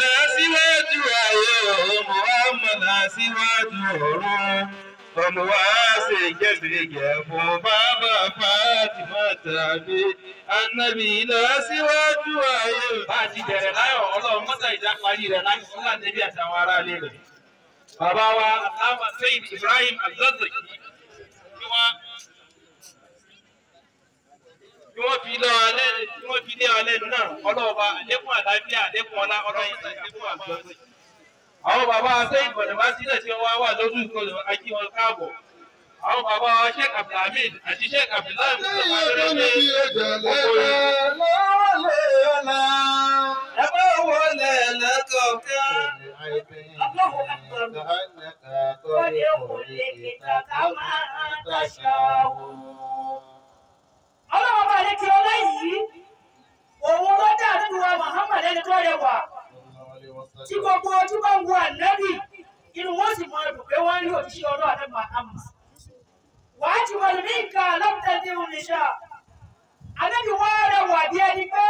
àdìlá síwájú ayé ọmọ àmàlà síwájú ọ̀run ọmọ wa ṣe jẹ́sìgẹ̀ fún bàbá Fátímà tàbí anábìlá síwájú ayé. bá a ti bẹ̀rẹ̀ láyọ̀ ọlọ́run mọ́tà ìjà parí rẹ̀ láti fúlàní bí àtàwọn aráalé rẹ̀. bàbá wa àtàwọn sẹ́yìn Ibrahim Al-Zazaki. bí wọ́n fi lé wa lẹ́nu wọ́n fi lé wa lẹ́nu náà ọlọ́ọ̀ba àlékún àlàáfíà àlékún ọlá ọlọ́yin àlékún àgbọ̀nsẹ̀. àwọn bàbá sẹ́yìn bọ̀dọ̀bá sílẹ̀ tí wọ́n wà lójú ìkọlù ají wọn káàbọ̀. àwọn bàbá sheikh abdulhamid àti sheikh abdullahi mustapha lọ́dọ̀ ẹ bá wọlé lẹ́kọ̀ọ́kan. Allahu akbar. Wọ́n yóò kó lè kìtà ká máa ń taṣà wò ti eléyìí òun ló dàbí wa Muhammad ẹni tó rẹwà tí gbogbo ojú bá ń wo ànábì inú wọn sì mọ ẹdùn pé wọn rí òṣìṣẹ́ ọdún àdàmà àmà wàá ti wọlé ní nǹkan alábùtẹ́dé oníṣà ànábì wọn rẹwà bí ẹni pé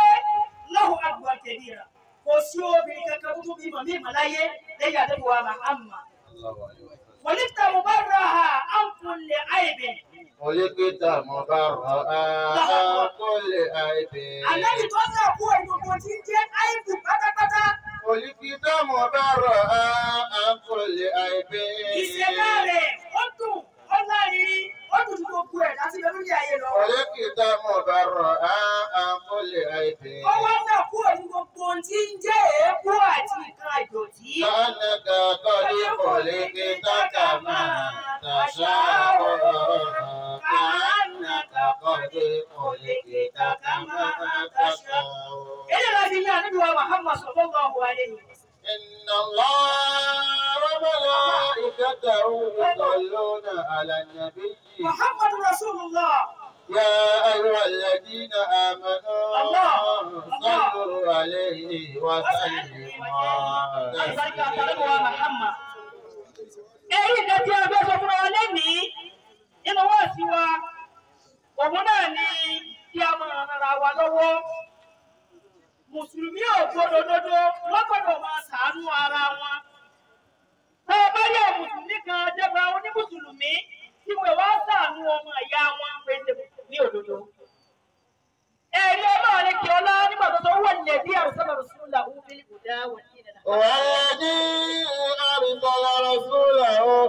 lọ́hùn àgbà tẹ̀lé rà kò sí obìnrin kankan tó tún bímọ mímọ láyé lẹ́yìn àdàmà àmà. خلقت مبرها عن كل عيب مبرها عن كل عيب الذي توزع قوة الموجودين عيب فتى فتى خلقت مبرها ولخلقتك كما تشاء كأنك قد خلقت كما تشاء إلى الذي النبي محمد صلى الله عليه وسلم إن الله وملائكته يصلون على النبي محمد رسول الله يا أيها الذين آمنوا صلوا عليه وسلموا تسليما èyí kan tí a fẹ́ sọ fún wa lẹ́nìí nínú wá sí wa òun náà ni kí a máa ràn ara wa lọ́wọ́ mùsùlùmí ò gbọdọ̀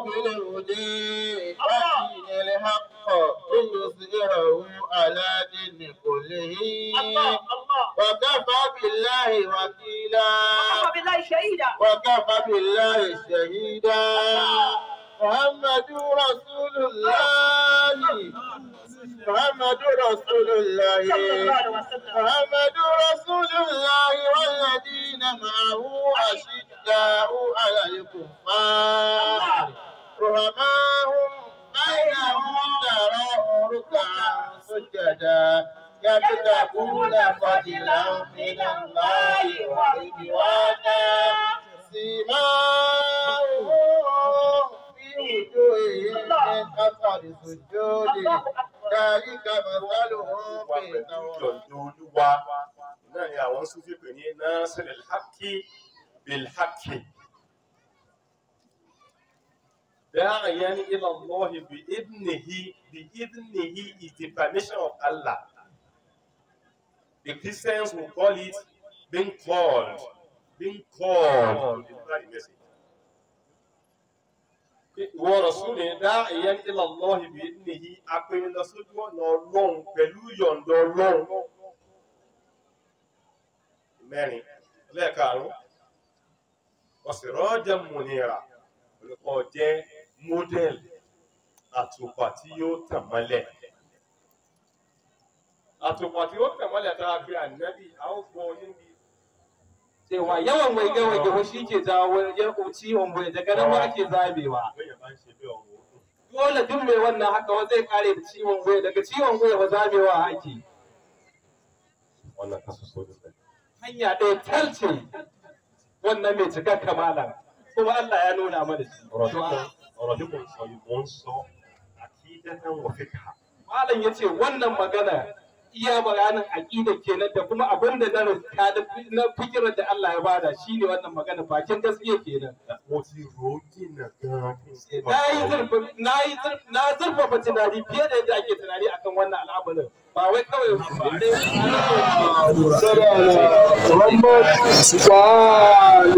بالهدى ودين الحق ليظهره على دين كله وكفى بالله وكيلا وكفى بالله شهيدا وكفى بالله شهيدا محمد رسول الله محمد رسول الله محمد رسول الله والذين معه أشداء على الكفار رحماهم بينهم تراهم ركعا سجدا يبتغون فضلا من الله ورضوانا سيماهم في وجوههم من اثر السجود ذلك مثلهم في التوراة. náà ni àwọn sún fèpè ní náà sílẹ̀ hákì bíl hákì. Da'iyan ila Allah bi idnihi, bi idnihi is the permission of Allah. The Christians will call it being called, being called. Ìwọ Rasuli da'iyan ila Allah bi idnihi apẹ̀yìn lọ sójú ọ̀nà Ọlọ́run pẹ̀lú yọ̀ǹda Ọlọ́run. Mẹ́rin lẹ́ẹ̀karùn-ún, ọ̀sẹ̀ rọ́jà mùnira, olùkọ́ jẹ́ Model. atupa ti yóò tàn mọ́lẹ̀. àtùpà tí yóò tàn mọ́lẹ̀ tá a fi ànábì a ó gbọ́ níbi. cewa yawan mai gawa gaba shi ke jawo yarko ciwon bai da ganin ake zabewa. dole duk mai wannan haka wa zai kare da ciwon bai daga ciwon bai ba wa haki. wannan kasu so da hanya ɗaya talce wannan mai cikakka malam kuma Allah ya nuna mana shi. sai sayyidun so aqidatan wa fiqha malam yace wannan magana iya bayanin aqida kenan da kuma abin da na na fikira da Allah ya bada shine wannan magana bakin gaskiya kenan wasi roki na ga nayi zurfa nayi na zurfa tunani fiye da yadda ake tunani akan wannan al'amarin ba wai kawai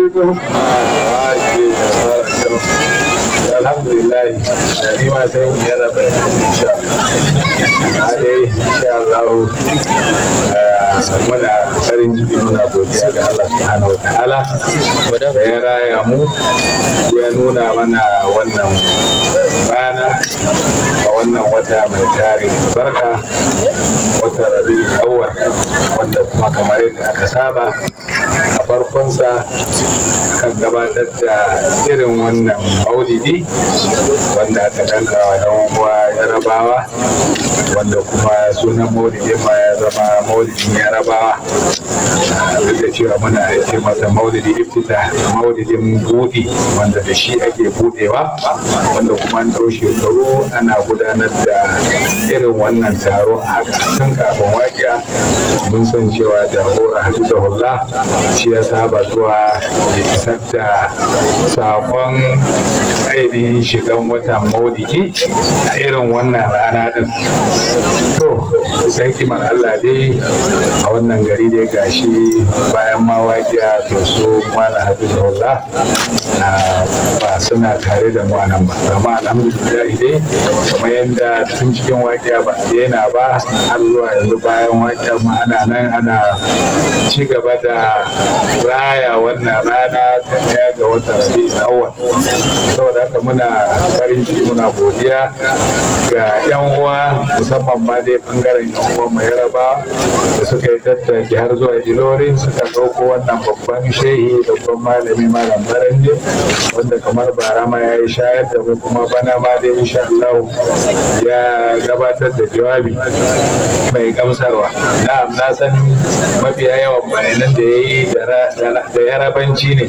ba ne alhamdulillah ni ma sai mu yana bayan insha Allah dai insha Allah eh, muna farin ciki muna godiya ga Allah subhanahu wa ta'ala da ya raya mu ya nuna mana wannan rana a wannan wata mai tarin barka wata rabi awwal wanda kuma kamar yadda aka saba farkonsa kan gabatar da irin wannan maulidi wanda aka danka wa uwa yarabawa wanda kuma sunan maulidin ma ya zama maulidin yarabawa duk da cewa muna ce masa maulidi iftita maulidin buɗi wanda da shi ake buɗewa wanda kuma an ɗau shekaru ana gudanar da irin wannan taro a kafin kafin waƙiya mun san cewa da hora da hulla shi ya saba zuwa isar da sakon ainihin shigan watan maulidi a irin wannan rana din to sai kiman Allah dai a wannan gari dai gashi bayan mawaƙiya to su mana Allah ba suna tare da mu nan ba amma alhamdulillah dai kamar yadda tun cikin waƙiya ba yana ba har zuwa yanzu bayan waƙiya mu ana nan ana ci gaba da raya wannan rana ta daya ga wata rabi awal saboda haka muna farin ciki muna godiya ga yan uwa musamman ma dai bangaren yan uwa mai yaraba da suka yi tattaki har zuwa ilorin suka ɗauko wannan babban shehi da babban malami malam barande wanda kamar bara ma ya yi shayar da kuma bana ma insha Allah ya gabatar da jawabi mai gamsarwa na'am na san mafiya yawan bayanan da ya yi da yarabanci ne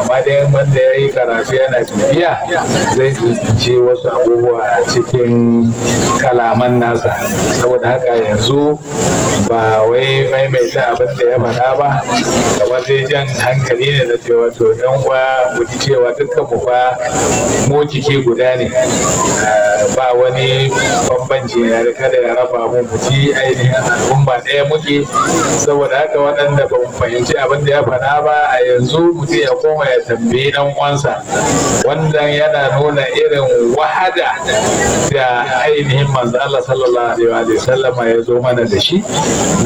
amma dai wanda ya yi karatu yana tafiya zai tsince wasu abubuwa a cikin kalaman nasa saboda haka yanzu ba wai maimaita abin da ya faɗa ba kamar dai jan hankali ne na cewa to ɗan uwa ɗauki cewa dukkan mu fa mu guda ne eh, ba wani bambanci ya kada ya raba mu mu ci ainihin al'umma ɗaya muke saboda haka waɗanda ba mu fahimci abin da ya faɗa ba a yanzu ce ya koma ya tambayi ɗan uwansa wannan yana nuna irin wahada da ainihin manzo Allah sallallahu alaihi wa sallama ya zo mana da shi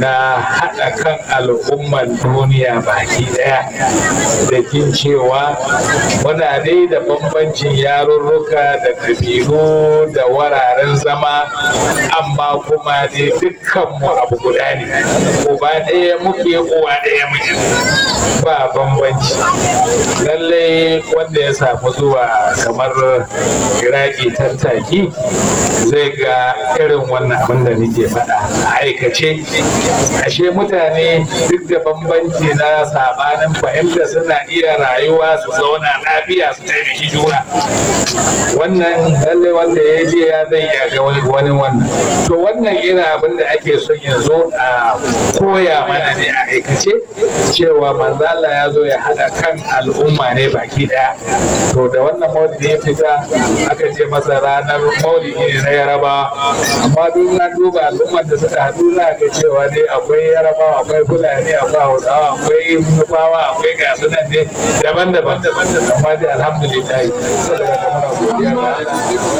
na haɗa kan al'umman duniya baki ɗaya da jin cewa muna dai da bambancin yarurruka da kabilu da wararen zama amma kuma dai dukkanmu abu guda ne uba ɗaya muke uwa ɗaya muke ba bambanci lallai wanda ya samu zuwa kamar iraki tattaki zai ga irin wannan abin da nake faɗa a aikace ashe mutane duk da bambanci na sabanin fahimta suna iya rayuwa su zauna zauna lafiya su taimaki juna wannan lallai wanda ya je ya zai ya ga wani wannan to wannan irin abin da ake son zo a koya mana ne a aikace cewa manzala ya zo ya haɗa kan al'umma ne baki ɗaya to da wannan maulidi ya fita aka ce masa ranar maulidi ne na yarabawa amma duk na duba al'ummar da suka haɗu za ga cewa ne akwai yarabawa akwai fulani akwai hausawa akwai nufawa akwai gasu nan ne daban-daban amma dai alhamdulillah saboda kamar godiya ga Allah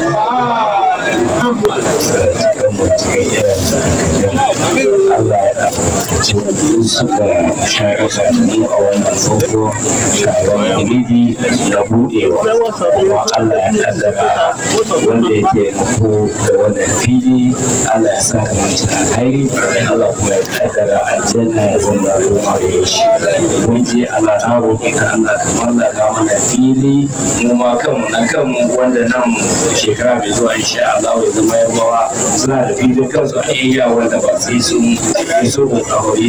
suka sha ƙasa da a wannan farko shawarar dalili na buɗewa kuma Allah ya kaddara wanda ya ke nufo da wannan fili Allah ya sa ka kamar cikin alhairi Allah kuma ya kaddara aljanna ya zama ruwa gare shi mun je Allah na roƙe ka Allah ka da ga mana fili mu ma kanmu na kanmu wanda nan shekara mai zuwa sha, Allah ya zama yabawa suna da filin kansu a iya wanda ba sai sun iso da kawai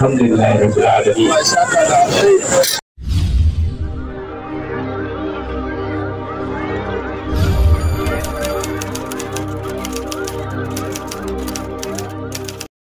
Alhamdulillah